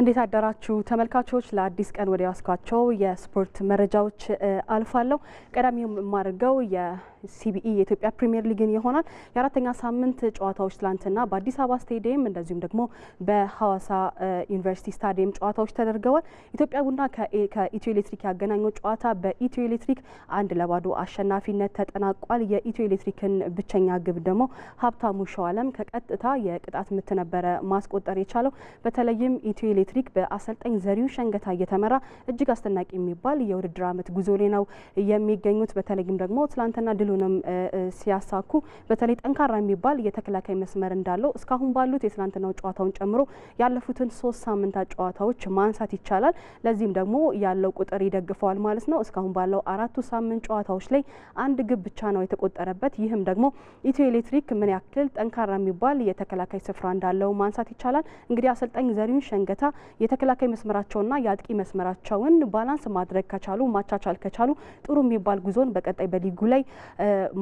እንዴት አደራችሁ ተመልካቾች። ለአዲስ ቀን ወደ ያስኳቸው የስፖርት መረጃዎች አልፋለሁ። ቀዳሚው የማድርገው ሲቢኢ የኢትዮጵያ ፕሪምየር ሊግን ይሆናል። የአራተኛ ሳምንት ጨዋታዎች ትላንትና በአዲስ አበባ ስቴዲየም እንደዚሁም ደግሞ በሐዋሳ ዩኒቨርሲቲ ስታዲየም ጨዋታዎች ተደርገዋል። ኢትዮጵያ ቡና ከኢትዮ ኤሌክትሪክ ያገናኘው ጨዋታ በኢትዮ ኤሌክትሪክ አንድ ለባዶ አሸናፊነት ተጠናቋል። የኢትዮ ኤሌክትሪክን ብቸኛ ግብ ደግሞ ሀብታሙ ሸዋለም ከቀጥታ የቅጣት ምት ነበረ ማስቆጠር የቻለው። በተለይም ኢትዮ ኤሌክትሪክ በአሰልጣኝ ዘሪው ሸንገታ እየተመራ እጅግ አስደናቂ የሚባል የውድድር ዓመት ጉዞ ላይ ነው የሚገኙት። በተለይም ደግሞ ትላንትና ድል ድሉንም ሲያሳኩ በተለይ ጠንካራ የሚባል የተከላካይ መስመር እንዳለው እስካሁን ባሉት የትናንትናው ጨዋታውን ጨምሮ ያለፉትን ሶስት ሳምንታት ጨዋታዎች ማንሳት ይቻላል። ለዚህም ደግሞ ያለው ቁጥር ይደግፈዋል ማለት ነው። እስካሁን ባለው አራቱ ሳምንት ጨዋታዎች ላይ አንድ ግብ ብቻ ነው የተቆጠረበት። ይህም ደግሞ ኢትዮ ኤሌክትሪክ ምን ያክል ጠንካራ የሚባል የተከላካይ ስፍራ እንዳለው ማንሳት ይቻላል። እንግዲህ አሰልጣኝ ዘሪሁን ሸንገታ የተከላካይ መስመራቸውና የአጥቂ መስመራቸውን ባላንስ ማድረግ ከቻሉ ማቻቻል ከቻሉ ጥሩ የሚባል ጉዞን በቀጣይ በሊጉ ላይ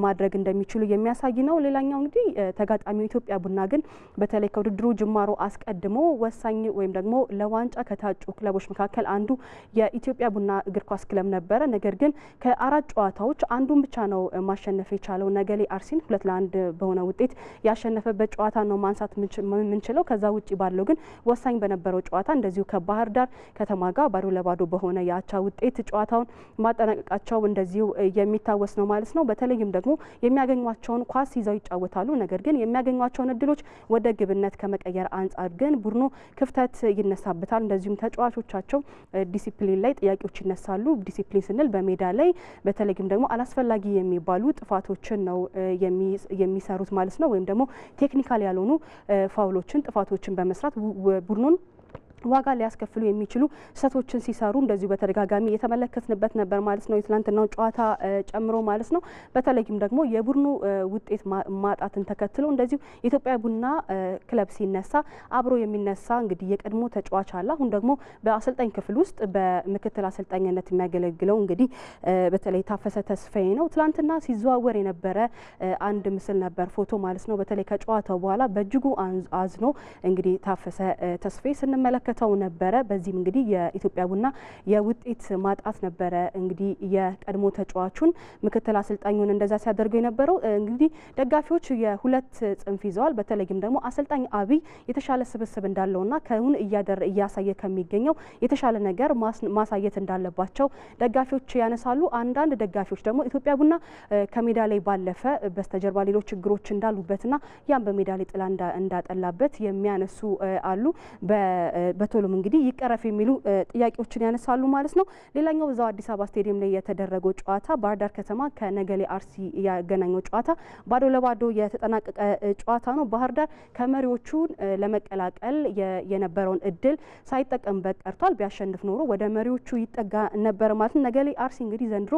ማድረግ እንደሚችሉ የሚያሳይ ነው። ሌላኛው እንግዲህ ተጋጣሚው ኢትዮጵያ ቡና ግን በተለይ ከውድድሩ ጅማሮ አስቀድሞ ወሳኝ ወይም ደግሞ ለዋንጫ ከታጩ ክለቦች መካከል አንዱ የኢትዮጵያ ቡና እግር ኳስ ክለብ ነበረ። ነገር ግን ከአራት ጨዋታዎች አንዱን ብቻ ነው ማሸነፍ የቻለው። ነገሌ አርሲን ሁለት ለአንድ በሆነ ውጤት ያሸነፈበት ጨዋታ ነው ማንሳት የምንችለው። ከዛ ውጭ ባለው ግን ወሳኝ በነበረው ጨዋታ እንደዚሁ ከባህር ዳር ከተማ ጋር ባዶ ለባዶ በሆነ የአቻ ውጤት ጨዋታውን ማጠናቀቃቸው እንደዚሁ የሚታወስ ነው ማለት ነው። በተለይም ደግሞ የሚያገኟቸውን ኳስ ይዘው ይጫወታሉ። ነገር ግን የሚያገኟቸውን እድሎች ወደ ግብነት ከመቀየር አንጻር ግን ቡድኑ ክፍተት ይነሳበታል። እንደዚሁም ተጫዋቾቻቸው ዲሲፕሊን ላይ ጥያቄዎች ይነሳሉ። ዲሲፕሊን ስንል በሜዳ ላይ በተለይም ደግሞ አላስፈላጊ የሚባሉ ጥፋቶችን ነው የሚሰሩት ማለት ነው። ወይም ደግሞ ቴክኒካል ያልሆኑ ፋውሎችን፣ ጥፋቶችን በመስራት ቡድኑን ዋጋ ሊያስከፍሉ የሚችሉ ስህተቶችን ሲሰሩ እንደዚሁ በተደጋጋሚ የተመለከትንበት ነበር ማለት ነው። የትናንትናው ጨዋታ ጨምሮ ማለት ነው። በተለይም ደግሞ የቡድኑ ውጤት ማጣትን ተከትሎ እንደዚሁ የኢትዮጵያ ቡና ክለብ ሲነሳ አብሮ የሚነሳ እንግዲህ የቀድሞ ተጫዋች አለ። አሁን ደግሞ በአሰልጣኝ ክፍል ውስጥ በምክትል አሰልጣኝነት የሚያገለግለው እንግዲህ በተለይ ታፈሰ ተስፋዬ ነው። ትናንትና ሲዘዋወር የነበረ አንድ ምስል ነበር፣ ፎቶ ማለት ነው። በተለይ ከጨዋታው በኋላ በእጅጉ አዝኖ እንግዲህ ታፈሰ ተስፋዬ ስንመለከት አመልክተው ነበረ። በዚህም እንግዲህ የኢትዮጵያ ቡና የውጤት ማጣት ነበረ እንግዲህ የቀድሞ ተጫዋቹን ምክትል አሰልጣኙን እንደዛ ሲያደርገው የነበረው። እንግዲህ ደጋፊዎች የሁለት ጽንፍ ይዘዋል። በተለይም ደግሞ አሰልጣኝ አብይ የተሻለ ስብስብ እንዳለውና ከሁን እያሳየ ከሚገኘው የተሻለ ነገር ማሳየት እንዳለባቸው ደጋፊዎች ያነሳሉ። አንዳንድ ደጋፊዎች ደግሞ ኢትዮጵያ ቡና ከሜዳ ላይ ባለፈ በስተጀርባ ሌሎች ችግሮች እንዳሉበትና ያም በሜዳ ላይ ጥላ እንዳጠላበት የሚያነሱ አሉ። በቶሎም እንግዲህ ይቀረፍ የሚሉ ጥያቄዎችን ያነሳሉ ማለት ነው። ሌላኛው በዛው አዲስ አበባ ስቴዲየም ላይ የተደረገው ጨዋታ ባህርዳር ከተማ ከነገሌ አርሲ ያገናኘው ጨዋታ ባዶ ለባዶ የተጠናቀቀ ጨዋታ ነው። ባህር ዳር ከመሪዎቹን ለመቀላቀል የነበረውን እድል ሳይጠቀምበት ቀርቷል። ቢያሸንፍ ኖሮ ወደ መሪዎቹ ይጠጋ ነበር ማለት ነው። ነገሌ አርሲ እንግዲህ ዘንድሮ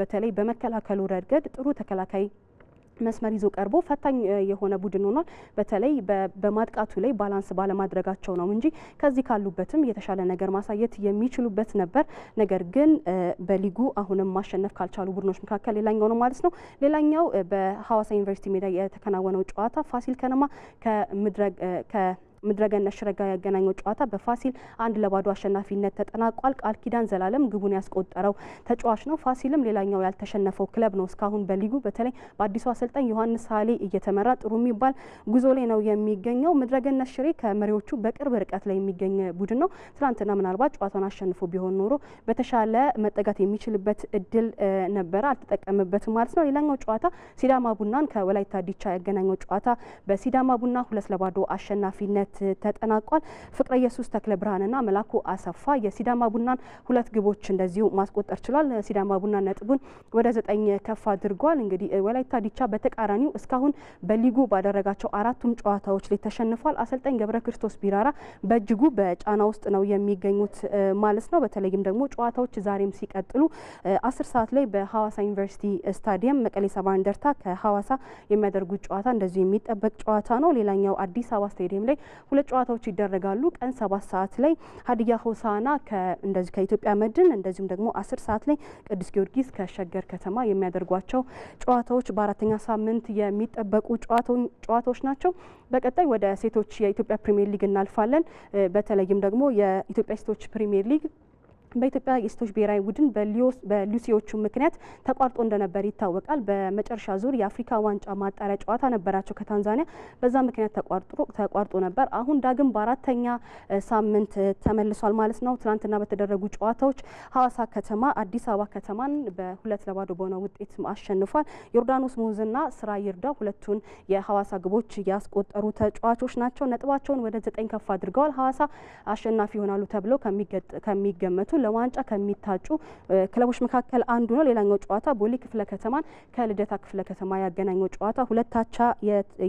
በተለይ በመከላከሉ ረገድ ጥሩ ተከላካይ መስመር ይዞ ቀርቦ ፈታኝ የሆነ ቡድን ሆኗል። በተለይ በማጥቃቱ ላይ ባላንስ ባለማድረጋቸው ነው እንጂ ከዚህ ካሉበትም የተሻለ ነገር ማሳየት የሚችሉበት ነበር። ነገር ግን በሊጉ አሁንም ማሸነፍ ካልቻሉ ቡድኖች መካከል ሌላኛው ነው ማለት ነው። ሌላኛው በሐዋሳ ዩኒቨርሲቲ ሜዳ የተከናወነው ጨዋታ ፋሲል ከነማ ከምድረ ምድረገነት ሽረጋ ያገናኘው ጨዋታ በፋሲል አንድ ለባዶ አሸናፊነት ተጠናቋል። ቃል ኪዳን ዘላለም ግቡን ያስቆጠረው ተጫዋች ነው። ፋሲልም ሌላኛው ያልተሸነፈው ክለብ ነው። እስካሁን በሊጉ በተለይ በአዲሱ አሰልጣኝ ዮሐንስ ሀሌ እየተመራ ጥሩ የሚባል ጉዞ ላይ ነው የሚገኘው። ምድረገነት ሽሬ ከመሪዎቹ በቅርብ ርቀት ላይ የሚገኝ ቡድን ነው። ትናንትና ምናልባት ጨዋታውን አሸንፎ ቢሆን ኖሮ በተሻለ መጠጋት የሚችልበት እድል ነበረ፣ አልተጠቀምበትም ማለት ነው። ሌላኛው ጨዋታ ሲዳማ ቡናን ከወላይታ ዲቻ ያገናኘው ጨዋታ በሲዳማ ቡና ሁለት ለባዶ አሸናፊነት በሁለት ተጠናቋል። ፍቅረ ኢየሱስ ተክለ ብርሃንና መላኩ አሰፋ የሲዳማ ቡናን ሁለት ግቦች እንደዚሁ ማስቆጠር ችሏል። ሲዳማ ቡና ነጥቡን ወደ ዘጠኝ ከፍ አድርጓል። እንግዲህ ወላይታ ዲቻ በተቃራኒው እስካሁን በሊጉ ባደረጋቸው አራቱም ጨዋታዎች ላይ ተሸንፏል። አሰልጣኝ ገብረ ክርስቶስ ቢራራ በእጅጉ በጫና ውስጥ ነው የሚገኙት ማለት ነው። በተለይም ደግሞ ጨዋታዎች ዛሬም ሲቀጥሉ አስር ሰዓት ላይ በሀዋሳ ዩኒቨርሲቲ ስታዲየም መቀሌ ሰባ እንደርታ ከሀዋሳ የሚያደርጉት ጨዋታ እንደዚሁ የሚጠበቅ ጨዋታ ነው። ሌላኛው አዲስ አበባ ስታዲየም ላይ ሁለት ጨዋታዎች ይደረጋሉ። ቀን ሰባት ሰዓት ላይ ሀዲያ ሆሳና እንደዚህ ከኢትዮጵያ መድን እንደዚሁም ደግሞ አስር ሰዓት ላይ ቅዱስ ጊዮርጊስ ከሸገር ከተማ የሚያደርጓቸው ጨዋታዎች በአራተኛ ሳምንት የሚጠበቁ ጨዋታዎች ናቸው። በቀጣይ ወደ ሴቶች የኢትዮጵያ ፕሪሚየር ሊግ እናልፋለን። በተለይም ደግሞ የኢትዮጵያ ሴቶች ፕሪሚየር ሊግ በኢትዮጵያ የሴቶች ብሔራዊ ቡድን በሉሲዎቹ ምክንያት ተቋርጦ እንደነበር ይታወቃል። በመጨረሻ ዙር የአፍሪካ ዋንጫ ማጣሪያ ጨዋታ ነበራቸው ከታንዛኒያ። በዛ ምክንያት ተቋርጦ ነበር። አሁን ዳግም በአራተኛ ሳምንት ተመልሷል ማለት ነው። ትናንትና በተደረጉ ጨዋታዎች ሀዋሳ ከተማ አዲስ አበባ ከተማን በሁለት ለባዶ በሆነ ውጤት አሸንፏል። ዮርዳኖስ ሙዝና ስራ ይርዳው ሁለቱን የሀዋሳ ግቦች ያስቆጠሩ ተጫዋቾች ናቸው። ነጥባቸውን ወደ ዘጠኝ ከፍ አድርገዋል። ሀዋሳ አሸናፊ ይሆናሉ ተብለው ከሚገመቱ ለዋንጫ ከሚታጩ ክለቦች መካከል አንዱ ነው። ሌላኛው ጨዋታ ቦሌ ክፍለ ከተማን ከልደታ ክፍለ ከተማ ያገናኘው ጨዋታ ሁለታቻ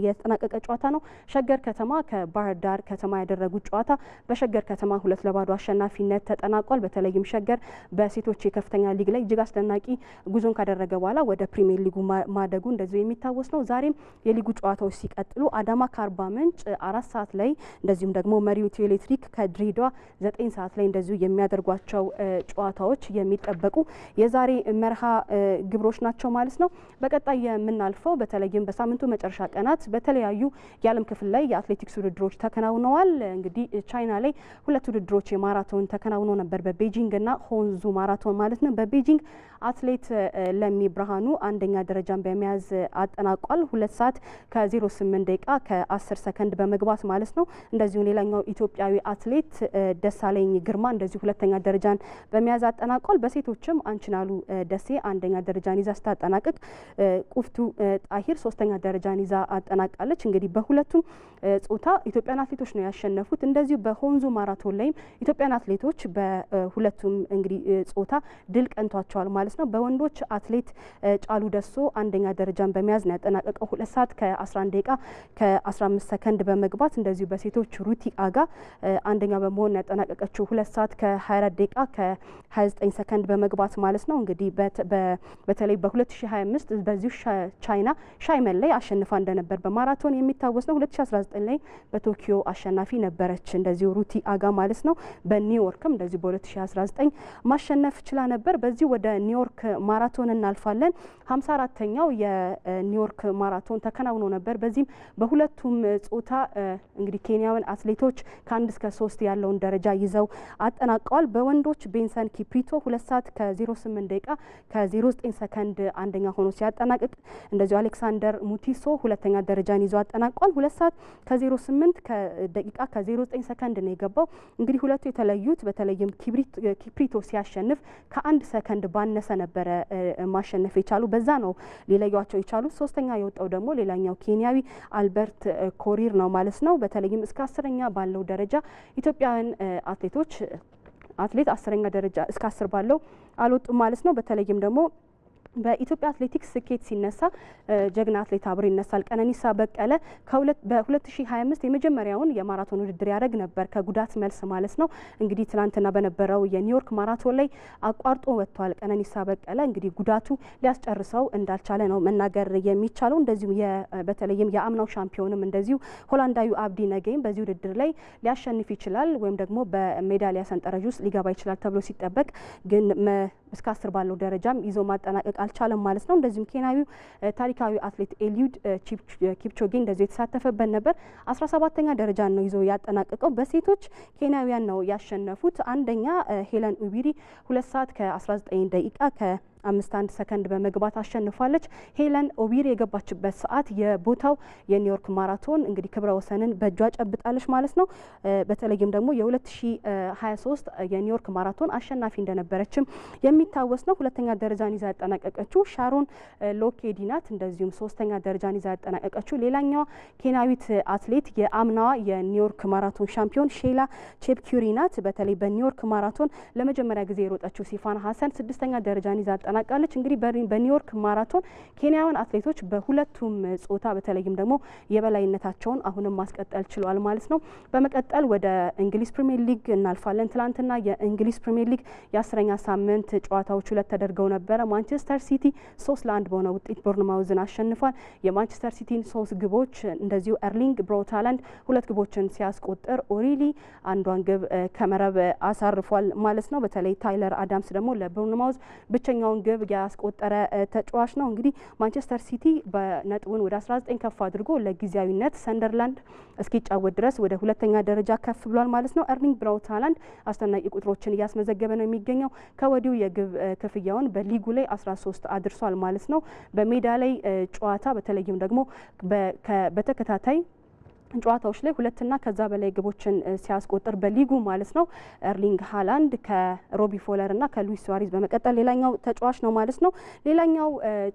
የተጠናቀቀ ጨዋታ ነው። ሸገር ከተማ ከባህር ዳር ከተማ ያደረጉት ጨዋታ በሸገር ከተማ ሁለት ለባዶ አሸናፊነት ተጠናቋል። በተለይም ሸገር በሴቶች የከፍተኛ ሊግ ላይ እጅግ አስደናቂ ጉዞን ካደረገ በኋላ ወደ ፕሪሚየር ሊጉ ማደጉ እንደዚሁ የሚታወስ ነው። ዛሬም የሊጉ ጨዋታዎች ሲቀጥሉ አዳማ ከአርባ ምንጭ አራት ሰዓት ላይ እንደዚሁም ደግሞ መሪው ኢትዮ ኤሌክትሪክ ከድሬዳዋ ዘጠኝ ሰዓት ላይ እንደዚሁ የሚያደርጓቸው ጨዋታዎች የሚጠበቁ የዛሬ መርሃ ግብሮች ናቸው ማለት ነው። በቀጣይ የምናልፈው በተለይም በሳምንቱ መጨረሻ ቀናት በተለያዩ የዓለም ክፍል ላይ የአትሌቲክስ ውድድሮች ተከናውነዋል። እንግዲህ ቻይና ላይ ሁለት ውድድሮች የማራቶን ተከናውኖ ነበር፣ በቤጂንግ እና ሆንዙ ማራቶን ማለት ነው። በቤጂንግ አትሌት ለሚ ብርሃኑ አንደኛ ደረጃን በመያዝ አጠናቋል። ሁለት ሰዓት ከ08 ደቂቃ ከ10 ሰከንድ በመግባት ማለት ነው። እንደዚሁ ሌላኛው ኢትዮጵያዊ አትሌት ደሳለኝ ግርማ እንደዚሁ ሁለተኛ ደረጃ ደረጃን በመያዝ አጠናቋል። በሴቶችም አንችናሉ ደሴ አንደኛ ደረጃን ይዛ ስታጠናቅቅ ቁፍቱ ጣሂር ሶስተኛ ደረጃን ይዛ አጠናቃለች። እንግዲህ በሁለቱም ጾታ ኢትዮጵያን አትሌቶች ነው ያሸነፉት። እንደዚሁ በሆንዙ ማራቶን ላይም ኢትዮጵያን አትሌቶች በሁለቱም እንግዲህ ጾታ ድል ቀንቷቸዋል ማለት ነው። በወንዶች አትሌት ጫሉ ደሶ አንደኛ ደረጃን በመያዝ ነው ያጠናቀቀው ሁለት ሰዓት ከ11 ደቂቃ ከ15 ሰከንድ በመግባት እንደዚሁ በሴቶች ሩቲ አጋ አንደኛ በመሆን ያጠናቀቀችው ሁለት ሰዓት ከ24 ደቂቃ ከ29 ሰከንድ በመግባት ማለት ነው እንግዲህ በተለይ በ2025 በዚሁ ቻይና ሻይመን ላይ አሸንፋ እንደነበር በማራቶን የሚታወስ ነው። 2019 ላይ በቶኪዮ አሸናፊ ነበረች እንደዚሁ ሩቲ አጋ ማለት ነው። በኒውዮርክም እንደዚሁ በ2019 ማሸነፍ ችላ ነበር። በዚሁ ወደ ኒውዮርክ ማራቶን እናልፋለን። 54ተኛው የኒውዮርክ ማራቶን ተከናውኖ ነበር። በዚህም በሁለቱም ጾታ እንግዲህ ኬንያውያን አትሌቶች ከአንድ እስከ ሶስት ያለውን ደረጃ ይዘው አጠናቀዋል። በወንዶ ሰከንዶች ቤንሰን ኪፕሪቶ ሁለት ሰዓት ከ08 ደቂቃ ከ09 ሰከንድ አንደኛ ሆኖ ሲያጠናቅቅ እንደዚሁ አሌክሳንደር ሙቲሶ ሁለተኛ ደረጃን ይዞ አጠናቋል። ሁለት ሰዓት ከ08 ደቂቃ ከ09 ሰከንድ ነው የገባው። እንግዲህ ሁለቱ የተለዩት በተለይም ኪፕሪቶ ሲያሸንፍ ከአንድ ሰከንድ ባነሰ ነበረ ማሸነፍ የቻሉ በዛ ነው ሊለዩቸው የቻሉት። ሶስተኛ የወጣው ደግሞ ሌላኛው ኬንያዊ አልበርት ኮሪር ነው ማለት ነው። በተለይም እስከ አስረኛ ባለው ደረጃ ኢትዮጵያውያን አትሌቶች አትሌት አስረኛ ደረጃ እስከ አስር ባለው አልወጡም ማለት ነው። በተለይም ደግሞ በኢትዮጵያ አትሌቲክስ ስኬት ሲነሳ ጀግና አትሌት አብሮ ይነሳል። ቀነኒሳ በቀለ በ2025 የመጀመሪያውን የማራቶን ውድድር ያደረግ ነበር፣ ከጉዳት መልስ ማለት ነው። እንግዲህ ትናንትና በነበረው የኒውዮርክ ማራቶን ላይ አቋርጦ ወጥቷል። ቀነኒሳ በቀለ እንግዲህ ጉዳቱ ሊያስጨርሰው እንዳልቻለ ነው መናገር የሚቻለው። እንደዚሁ በተለይም የአምናው ሻምፒዮንም እንደዚሁ ሆላንዳዊ አብዲ ነገይም በዚህ ውድድር ላይ ሊያሸንፍ ይችላል ወይም ደግሞ በሜዳሊያ ሰንጠረዥ ውስጥ ሊገባ ይችላል ተብሎ ሲጠበቅ ግን እስከ አስር ባለው ደረጃም ይዞ ማጠናቀቅ አልቻለም ማለት ነው። እንደዚሁም ኬንያዊው ታሪካዊ አትሌት ኤልዩድ ኪፕቾጌ እንደዚሁ የተሳተፈበት ነበር። አስራ ሰባተኛ ደረጃ ነው ይዞ ያጠናቀቀው። በሴቶች ኬንያውያን ነው ያሸነፉት። አንደኛ ሄለን ኡቢሪ ሁለት ሰዓት ከ19 ደቂቃ ከ አምስት አንድ ሰከንድ በመግባት አሸንፋለች። ሄለን ኦቢር የገባችበት ሰዓት የቦታው የኒውዮርክ ማራቶን እንግዲህ ክብረ ወሰንን በእጇ ጨብጣለች ማለት ነው። በተለይም ደግሞ የ2023 የኒውዮርክ ማራቶን አሸናፊ እንደነበረችም የሚታወስ ነው። ሁለተኛ ደረጃን ይዛ ያጠናቀቀችው ሻሮን ሎኬዲ ናት። እንደዚሁም ሶስተኛ ደረጃን ይዛ ያጠናቀቀችው ሌላኛዋ ኬንያዊት አትሌት የአምናዋ የኒውዮርክ ማራቶን ሻምፒዮን ሼላ ቼፕኪሪ ናት። በተለይ በኒውዮርክ ማራቶን ለመጀመሪያ ጊዜ የሮጠችው ሲፋን ሀሰን ስድስተኛ ደረጃን ይዛ አጠናቃለች። እንግዲህ በኒውዮርክ ማራቶን ኬንያውያን አትሌቶች በሁለቱም ጾታ በተለይም ደግሞ የበላይነታቸውን አሁንም ማስቀጠል ችሏል ማለት ነው። በመቀጠል ወደ እንግሊዝ ፕሪሚየር ሊግ እናልፋለን። ትናንትና የእንግሊዝ ፕሪሚየር ሊግ የአስረኛ ሳምንት ጨዋታዎች ሁለት ተደርገው ነበረ። ማንቸስተር ሲቲ ሶስት ለአንድ በሆነ ውጤት ቦርንማውዝን አሸንፏል። የማንቸስተር ሲቲን ሶስት ግቦች እንደዚሁ ኤርሊንግ ብሮታላንድ ሁለት ግቦችን ሲያስቆጥር ኦሪሊ አንዷን ግብ ከመረብ አሳርፏል ማለት ነው። በተለይ ታይለር አዳምስ ደግሞ ለቦርንማውዝ ብቸኛውን ያስቆጠረውን ግብ ያስቆጠረ ተጫዋች ነው። እንግዲህ ማንቸስተር ሲቲ በነጥቡን ወደ 19 ከፍ አድርጎ ለጊዜያዊነት ሰንደርላንድ እስኪጫወት ድረስ ወደ ሁለተኛ ደረጃ ከፍ ብሏል ማለት ነው። ኤርሊንግ ብራውት ሃላንድ አስደናቂ ቁጥሮችን እያስመዘገበ ነው የሚገኘው። ከወዲሁ የግብ ክፍያውን በሊጉ ላይ 13 አድርሷል ማለት ነው። በሜዳ ላይ ጨዋታ በተለይም ደግሞ በተከታታይ ጨዋታዎች ላይ ሁለትና ከዛ በላይ ግቦችን ሲያስቆጥር በሊጉ ማለት ነው ኤርሊንግ ሃላንድ ከሮቢ ፎለር እና ከሉዊስ ሱዋሪዝ በመቀጠል ሌላኛው ተጫዋች ነው ማለት ነው። ሌላኛው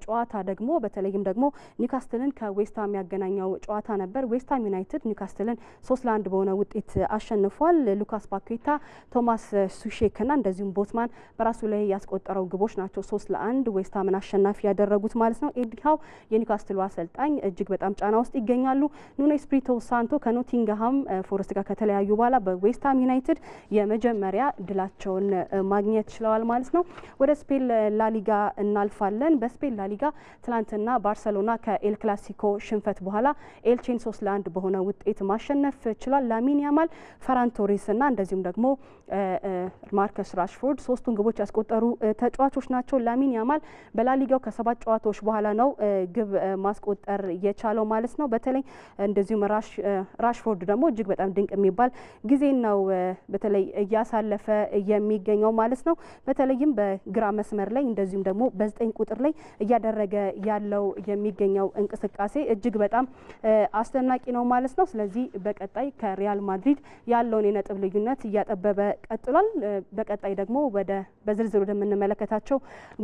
ጨዋታ ደግሞ በተለይም ደግሞ ኒውካስትልን ከዌስትሃም ያገናኘው ጨዋታ ነበር። ዌስትሃም ዩናይትድ ኒውካስትልን ሶስት ለአንድ በሆነ ውጤት አሸንፏል። ሉካስ ፓኬታ፣ ቶማስ ሱሼክ እና እንደዚሁም ቦትማን በራሱ ላይ ያስቆጠረው ግቦች ናቸው ሶስት ለአንድ ዌስትሃምን አሸናፊ ያደረጉት ማለት ነው። ኤዲ ሃው የኒውካስትሉ አሰልጣኝ እጅግ በጣም ጫና ውስጥ ይገኛሉ። ኑኖ ኤስፒሪቶ ሳንቶ ከኖቲንግሃም ፎረስት ጋር ከተለያዩ በኋላ በዌስትሃም ዩናይትድ የመጀመሪያ ድላቸውን ማግኘት ችለዋል ማለት ነው። ወደ ስፔን ላሊጋ እናልፋለን። በስፔን ላሊጋ ትናንትና ባርሰሎና ከኤል ክላሲኮ ሽንፈት በኋላ ኤልቼን ሶስት ለአንድ በሆነ ውጤት ማሸነፍ ችሏል። ላሚን ያማል፣ ፈራን ቶሬስ እና እንደዚሁም ደግሞ ማርከስ ራሽፎርድ ሶስቱን ግቦች ያስቆጠሩ ተጫዋቾች ናቸው። ላሚን ያማል በላሊጋው ከሰባት ጨዋታዎች በኋላ ነው ግብ ማስቆጠር የቻለው ማለት ነው። በተለይ እንደዚሁም ራሽ ራሽፎርድ ደግሞ እጅግ በጣም ድንቅ የሚባል ጊዜ ነው በተለይ እያሳለፈ የሚገኘው ማለት ነው። በተለይም በግራ መስመር ላይ እንደዚሁም ደግሞ በዘጠኝ ቁጥር ላይ እያደረገ ያለው የሚገኘው እንቅስቃሴ እጅግ በጣም አስደናቂ ነው ማለት ነው። ስለዚህ በቀጣይ ከሪያል ማድሪድ ያለውን የነጥብ ልዩነት እያጠበበ ቀጥሏል። በቀጣይ ደግሞ ወደ በዝርዝር ወደምንመለከታቸው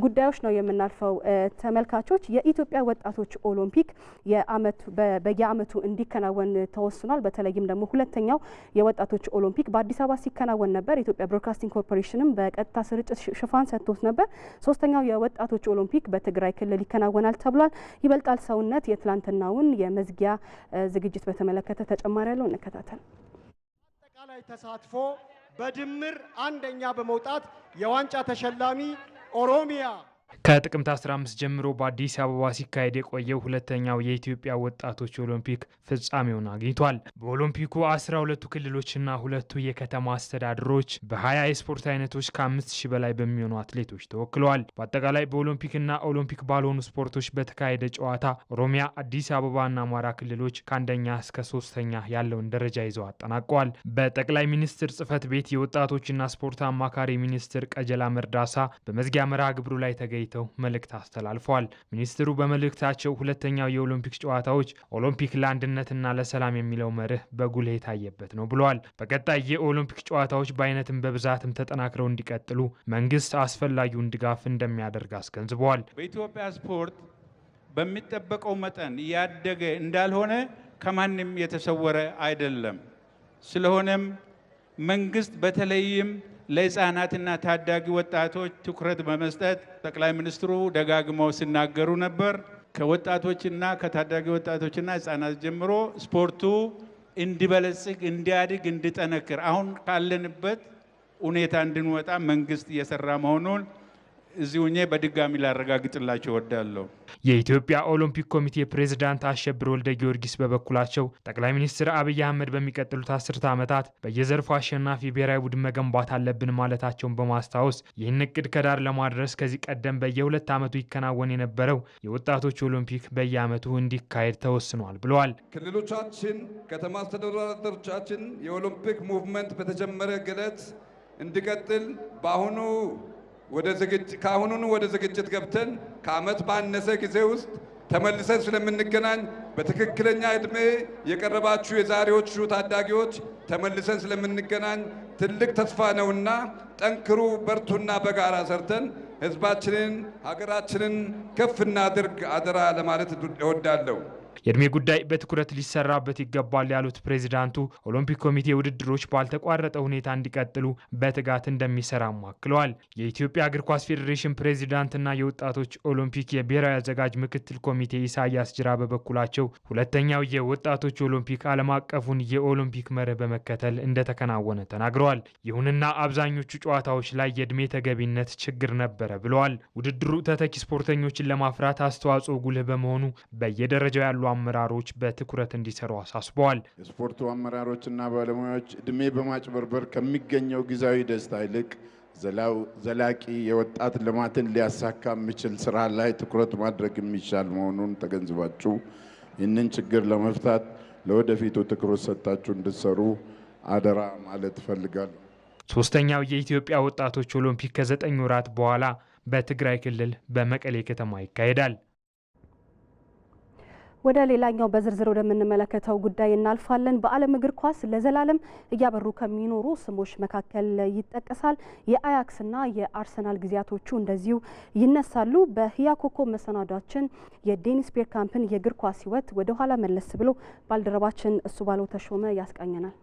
ጉዳዮች ነው የምናልፈው። ተመልካቾች የኢትዮጵያ ወጣቶች ኦሎምፒክ የአመቱ በየአመቱ እንዲከናወን ተወስኗል። በተለይም ደግሞ ሁለተኛው የወጣቶች ኦሎምፒክ በአዲስ አበባ ሲከናወን ነበር። የኢትዮጵያ ብሮድካስቲንግ ኮርፖሬሽንም በቀጥታ ስርጭት ሽፋን ሰጥቶት ነበር። ሶስተኛው የወጣቶች ኦሎምፒክ በትግራይ ክልል ይከናወናል ተብሏል። ይበልጣል ሰውነት የትላንትናውን የመዝጊያ ዝግጅት በተመለከተ ተጨማሪ ያለው እንከታተል። አጠቃላይ ተሳትፎ በድምር አንደኛ በመውጣት የዋንጫ ተሸላሚ ኦሮሚያ ከጥቅምት 15 ጀምሮ በአዲስ አበባ ሲካሄድ የቆየው ሁለተኛው የኢትዮጵያ ወጣቶች ኦሎምፒክ ፍጻሜውን አግኝቷል። በኦሎምፒኩ 12ቱ ክልሎችና ሁለቱ የከተማ አስተዳደሮች በ20 የስፖርት አይነቶች ከ5000 በላይ በሚሆኑ አትሌቶች ተወክለዋል። በአጠቃላይ በኦሎምፒክና ኦሎምፒክ ባልሆኑ ስፖርቶች በተካሄደ ጨዋታ ኦሮሚያ፣ አዲስ አበባና አማራ ክልሎች ከአንደኛ እስከ ሶስተኛ ያለውን ደረጃ ይዘው አጠናቀዋል። በጠቅላይ ሚኒስትር ጽህፈት ቤት የወጣቶችና ስፖርት አማካሪ ሚኒስትር ቀጀላ መርዳሳ በመዝጊያ መርሃ ግብሩ ላይ ተገኝ ተገኝተው መልእክት አስተላልፈዋል። ሚኒስትሩ በመልእክታቸው ሁለተኛው የኦሎምፒክ ጨዋታዎች ኦሎምፒክ ለአንድነትና ለሰላም የሚለው መርህ በጉልህ የታየበት ነው ብለዋል። በቀጣይ የኦሎምፒክ ጨዋታዎች በአይነትም በብዛትም ተጠናክረው እንዲቀጥሉ መንግስት አስፈላጊውን ድጋፍ እንደሚያደርግ አስገንዝበዋል። በኢትዮጵያ ስፖርት በሚጠበቀው መጠን እያደገ እንዳልሆነ ከማንም የተሰወረ አይደለም። ስለሆነም መንግስት በተለይም ለህፃናትና ታዳጊ ወጣቶች ትኩረት በመስጠት ጠቅላይ ሚኒስትሩ ደጋግመው ሲናገሩ ነበር። ከወጣቶችና ከታዳጊ ወጣቶችና ህፃናት ጀምሮ ስፖርቱ እንዲበለጽግ፣ እንዲያድግ፣ እንዲጠነክር አሁን ካለንበት ሁኔታ እንድንወጣ መንግስት እየሰራ መሆኑን እዚሁ ሆኜ በድጋሚ ላረጋግጥላቸው ወዳለሁ። የኢትዮጵያ ኦሎምፒክ ኮሚቴ ፕሬዝዳንት አሸብር ወልደ ጊዮርጊስ በበኩላቸው ጠቅላይ ሚኒስትር አብይ አህመድ በሚቀጥሉት አስርተ ዓመታት በየዘርፉ አሸናፊ ብሔራዊ ቡድን መገንባት አለብን ማለታቸውን በማስታወስ ይህን እቅድ ከዳር ለማድረስ ከዚህ ቀደም በየሁለት ዓመቱ ይከናወን የነበረው የወጣቶች ኦሎምፒክ በየዓመቱ እንዲካሄድ ተወስኗል ብለዋል። ክልሎቻችን፣ ከተማ አስተዳደሮቻችን የኦሎምፒክ ሙቭመንት በተጀመረ ግለት እንዲቀጥል በአሁኑ ካሁኑን ወደ ዝግጅት ገብተን ከዓመት ባነሰ ጊዜ ውስጥ ተመልሰን ስለምንገናኝ በትክክለኛ እድሜ የቀረባችሁ የዛሬዎቹ ታዳጊዎች ተመልሰን ስለምንገናኝ ትልቅ ተስፋ ነውና ጠንክሩ፣ በርቱና በጋራ ሰርተን ህዝባችንን ሀገራችንን ከፍ እናድርግ አደራ ለማለት እወዳለሁ። የእድሜ ጉዳይ በትኩረት ሊሰራበት ይገባል ያሉት ፕሬዚዳንቱ ኦሎምፒክ ኮሚቴ ውድድሮች ባልተቋረጠ ሁኔታ እንዲቀጥሉ በትጋት እንደሚሰራ ማክለዋል። የኢትዮጵያ እግር ኳስ ፌዴሬሽን ፕሬዚዳንትና የወጣቶች ኦሎምፒክ የብሔራዊ አዘጋጅ ምክትል ኮሚቴ ኢሳያስ ጅራ በበኩላቸው ሁለተኛው የወጣቶች ኦሎምፒክ ዓለም አቀፉን የኦሎምፒክ መርህ በመከተል እንደተከናወነ ተናግረዋል። ይሁንና አብዛኞቹ ጨዋታዎች ላይ የእድሜ ተገቢነት ችግር ነበረ ብለዋል። ውድድሩ ተተኪ ስፖርተኞችን ለማፍራት አስተዋጽኦ ጉልህ በመሆኑ በየደረጃው ያሉ አመራሮች በትኩረት እንዲሰሩ አሳስበዋል። የስፖርቱ አመራሮችና ባለሙያዎች ዕድሜ በማጭበርበር ከሚገኘው ጊዜያዊ ደስታ ይልቅ ዘላቂ የወጣት ልማትን ሊያሳካ የሚችል ስራ ላይ ትኩረት ማድረግ የሚቻል መሆኑን ተገንዝባችሁ ይህንን ችግር ለመፍታት ለወደፊቱ ትኩረት ሰጥታችሁ እንድትሰሩ አደራ ማለት እፈልጋለሁ። ሶስተኛው የኢትዮጵያ ወጣቶች ኦሎምፒክ ከዘጠኝ ወራት በኋላ በትግራይ ክልል በመቀሌ ከተማ ይካሄዳል። ወደ ሌላኛው በዝርዝር ወደምንመለከተው ጉዳይ እናልፋለን። በዓለም እግር ኳስ ለዘላለም እያበሩ ከሚኖሩ ስሞች መካከል ይጠቀሳል። የአያክስና የአርሰናል ጊዜያቶቹ እንደዚሁ ይነሳሉ። በህያ ኮከብ መሰናዷችን የዴኒስ ቤርካምፕን የእግር ኳስ ህይወት ወደ ኋላ መለስ ብሎ ባልደረባችን እሱ ባለው ተሾመ ያስቃኘናል።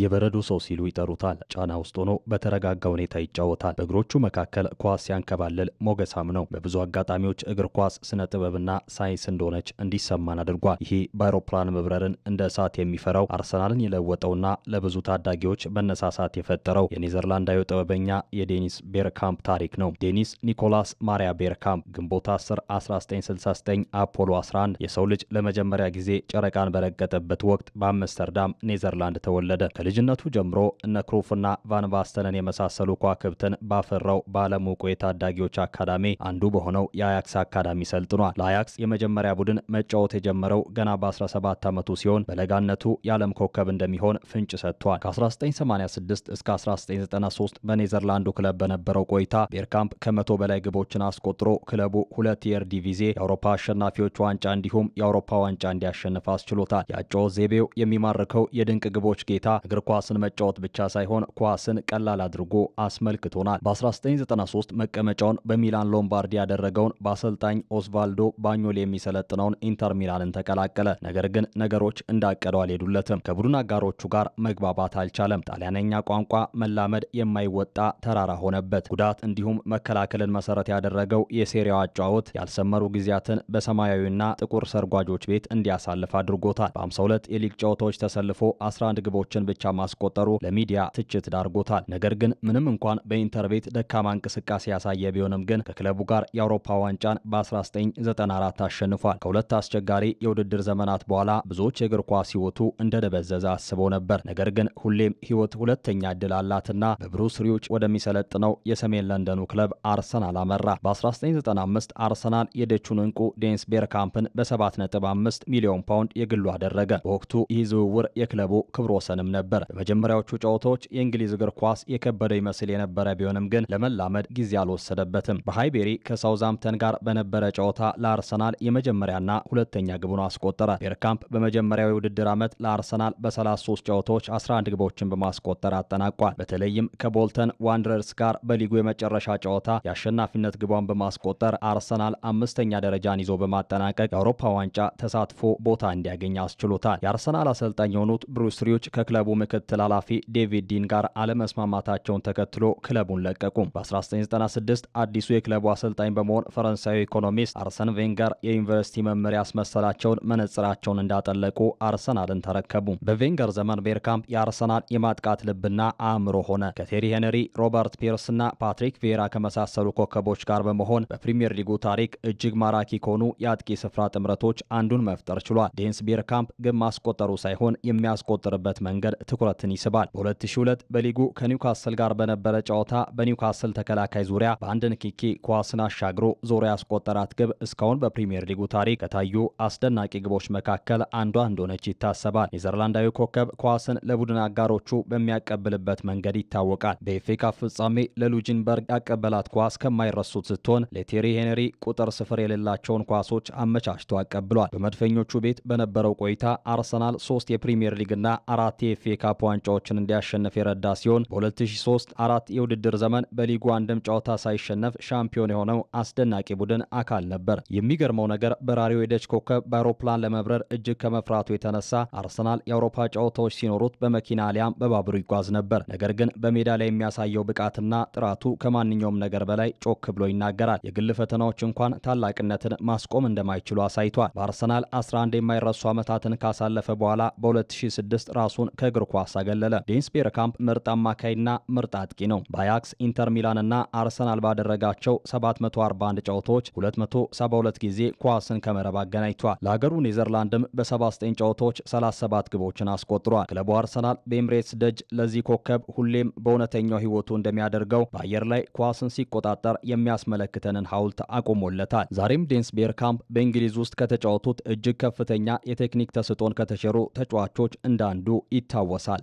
የበረዶ ሰው ሲሉ ይጠሩታል። ጫና ውስጥ ሆኖ በተረጋጋ ሁኔታ ይጫወታል። በእግሮቹ መካከል ኳስ ሲያንከባልል ሞገሳም ነው። በብዙ አጋጣሚዎች እግር ኳስ ስነ ጥበብና ሳይንስ እንደሆነች እንዲሰማን አድርጓል። ይሄ በአውሮፕላን መብረርን እንደ እሳት የሚፈራው አርሰናልን የለወጠውና ለብዙ ታዳጊዎች መነሳሳት የፈጠረው የኔዘርላንዳዊ ጥበበኛ የዴኒስ ቤርካምፕ ታሪክ ነው። ዴኒስ ኒኮላስ ማሪያ ቤርካምፕ ግንቦት 10 1969 አፖሎ 11 የሰው ልጅ ለመጀመሪያ ጊዜ ጨረቃን በረገጠበት ወቅት በአምስተርዳም ኔዘርላንድ ተወለደ። ከልጅነቱ ጀምሮ እነ ክሩፍና ቫንባስተንን የመሳሰሉ ከዋክብትን ባፈራው ባለሙቁ የታዳጊዎች አካዳሚ አንዱ በሆነው የአያክስ አካዳሚ ሰልጥኗል። ለአያክስ የመጀመሪያ ቡድን መጫወት የጀመረው ገና በ17 ዓመቱ ሲሆን በለጋነቱ የዓለም ኮከብ እንደሚሆን ፍንጭ ሰጥቷል። ከ1986 እስከ 1993 በኔዘርላንዱ ክለብ በነበረው ቆይታ ቤርካምፕ ከመቶ በላይ ግቦችን አስቆጥሮ ክለቡ ሁለት ዲቪዜ የአውሮፓ አሸናፊዎች ዋንጫ እንዲሁም የአውሮፓ ዋንጫ እንዲያሸንፍ አስችሎታል። የአጨዋወት ዜቤው የሚማርከው የድንቅ ግቦች ጌታ እግር ኳስን መጫወት ብቻ ሳይሆን ኳስን ቀላል አድርጎ አስመልክቶናል። በ1993 መቀመጫውን በሚላን ሎምባርዲ ያደረገውን በአሰልጣኝ ኦስቫልዶ ባኞል የሚሰለጥነውን ኢንተር ሚላንን ተቀላቀለ። ነገር ግን ነገሮች እንዳቀደው አልሄዱለትም። ከቡድን አጋሮቹ ጋር መግባባት አልቻለም። ጣሊያነኛ ቋንቋ መላመድ የማይወጣ ተራራ ሆነበት። ጉዳት እንዲሁም መከላከልን መሰረት ያደረገው የሴሪያው አጫወት ያልሰመሩ ጊዜያትን በሰማያዊና ጥቁር ሰርጓጆች ቤት እንዲያሳልፍ አድርጎታል። በ52 የሊግ ጨዋታዎች ተሰልፎ 11 ግቦችን ብቻ ብቻ ማስቆጠሩ ለሚዲያ ትችት ዳርጎታል። ነገር ግን ምንም እንኳን በኢንተር ቤት ደካማ እንቅስቃሴ ያሳየ ቢሆንም ግን ከክለቡ ጋር የአውሮፓ ዋንጫን በ1994 አሸንፏል። ከሁለት አስቸጋሪ የውድድር ዘመናት በኋላ ብዙዎች የእግር ኳስ ህይወቱ እንደደበዘዘ አስበው ነበር። ነገር ግን ሁሌም ህይወት ሁለተኛ እድል አላትና በብሩስ ሪዎች ወደሚሰለጥነው የሰሜን ለንደኑ ክለብ አርሰናል አመራ። በ1995 አርሰናል የደቹን እንቁ ዴንስ ቤርካምፕን በ7.5 ሚሊዮን ፓውንድ የግሉ አደረገ። በወቅቱ ይህ ዝውውር የክለቡ ክብረ ወሰንም ነበር። ነበር። በመጀመሪያዎቹ ጨዋታዎች የእንግሊዝ እግር ኳስ የከበደ ይመስል የነበረ ቢሆንም ግን ለመላመድ ጊዜ አልወሰደበትም። በሃይቤሪ ከሳውዛምተን ጋር በነበረ ጨዋታ ለአርሰናል የመጀመሪያና ሁለተኛ ግቡን አስቆጠረ። ቤርካምፕ በመጀመሪያው የውድድር ዓመት ለአርሰናል በ33 ጨዋታዎች 11 ግቦችን በማስቆጠር አጠናቋል። በተለይም ከቦልተን ዋንደረርስ ጋር በሊጉ የመጨረሻ ጨዋታ የአሸናፊነት ግቧን በማስቆጠር አርሰናል አምስተኛ ደረጃን ይዞ በማጠናቀቅ የአውሮፓ ዋንጫ ተሳትፎ ቦታ እንዲያገኝ አስችሎታል። የአርሰናል አሰልጣኝ የሆኑት ብሩስ ሪዎች ከክለቡ ምክትል ኃላፊ ዴቪድ ዲን ጋር አለመስማማታቸውን ተከትሎ ክለቡን ለቀቁ። በ1996 አዲሱ የክለቡ አሰልጣኝ በመሆን ፈረንሳዊ ኢኮኖሚስት አርሰን ቬንገር የዩኒቨርሲቲ መመሪያ አስመሰላቸውን መነጽራቸውን እንዳጠለቁ አርሰናልን ተረከቡ። በቬንገር ዘመን ቤርካምፕ የአርሰናል የማጥቃት ልብና አእምሮ ሆነ። ከቴሪ ሄነሪ፣ ሮበርት ፒርስና ፓትሪክ ቬራ ከመሳሰሉ ኮከቦች ጋር በመሆን በፕሪምየር ሊጉ ታሪክ እጅግ ማራኪ ከሆኑ የአጥቂ ስፍራ ጥምረቶች አንዱን መፍጠር ችሏል። ዴንስ ቤርካምፕ ግን ማስቆጠሩ ሳይሆን የሚያስቆጥርበት መንገድ ትኩረትን ይስባል። በ2002 በሊጉ ከኒውካስል ጋር በነበረ ጨዋታ በኒውካስል ተከላካይ ዙሪያ በአንድ ንኪኪ ኳስን አሻግሮ ዞሮ ያስቆጠራት ግብ እስካሁን በፕሪምየር ሊጉ ታሪክ ከታዩ አስደናቂ ግቦች መካከል አንዷ እንደሆነች ይታሰባል። ኔዘርላንዳዊ ኮከብ ኳስን ለቡድን አጋሮቹ በሚያቀብልበት መንገድ ይታወቃል። በኤፍኤ ካፕ ፍጻሜ ለሉጅንበርግ ያቀበላት ኳስ ከማይረሱት ስትሆን ለቴሪ ሄንሪ ቁጥር ስፍር የሌላቸውን ኳሶች አመቻችቶ አቀብሏል። በመድፈኞቹ ቤት በነበረው ቆይታ አርሰናል ሶስት የፕሪምየር ሊግና አራት የኤፍኤ የካፕ ዋንጫዎችን እንዲያሸንፍ የረዳ ሲሆን በ2003 አራት የውድድር ዘመን በሊጉ አንድም ጨዋታ ሳይሸነፍ ሻምፒዮን የሆነው አስደናቂ ቡድን አካል ነበር። የሚገርመው ነገር በራሪው የደች ኮከብ በአውሮፕላን ለመብረር እጅግ ከመፍራቱ የተነሳ አርሰናል የአውሮፓ ጨዋታዎች ሲኖሩት በመኪና አሊያም በባቡሩ ይጓዝ ነበር። ነገር ግን በሜዳ ላይ የሚያሳየው ብቃትና ጥራቱ ከማንኛውም ነገር በላይ ጮክ ብሎ ይናገራል። የግል ፈተናዎች እንኳን ታላቅነትን ማስቆም እንደማይችሉ አሳይቷል። በአርሰናል 11 የማይረሱ ዓመታትን ካሳለፈ በኋላ በ2006 ራሱን ከእግር እግር ኳስ አገለለ። ዴንስ ቤርካምፕ ምርጥ አማካይና ምርጥ አጥቂ ነው። በአያክስ ኢንተር ሚላንና አርሰናል ባደረጋቸው 741 ጨዋታዎች 272 ጊዜ ኳስን ከመረብ አገናኝቷል። ለሀገሩ ኔዘርላንድም በ79 ጨዋታዎች 37 ግቦችን አስቆጥሯል። ክለቡ አርሰናል በኤምሬትስ ደጅ ለዚህ ኮከብ ሁሌም በእውነተኛው ሕይወቱ እንደሚያደርገው በአየር ላይ ኳስን ሲቆጣጠር የሚያስመለክተንን ሐውልት አቁሞለታል። ዛሬም ዴንስ ቤርካምፕ በእንግሊዝ ውስጥ ከተጫወቱት እጅግ ከፍተኛ የቴክኒክ ተስጦን ከተሸሩ ተጫዋቾች እንዳንዱ ይታወቃል። ይታወሳል።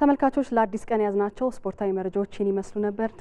ተመልካቾች ለአዲስ ቀን ያዝናቸው ስፖርታዊ መረጃዎች ይህን ይመስሉ ነበር።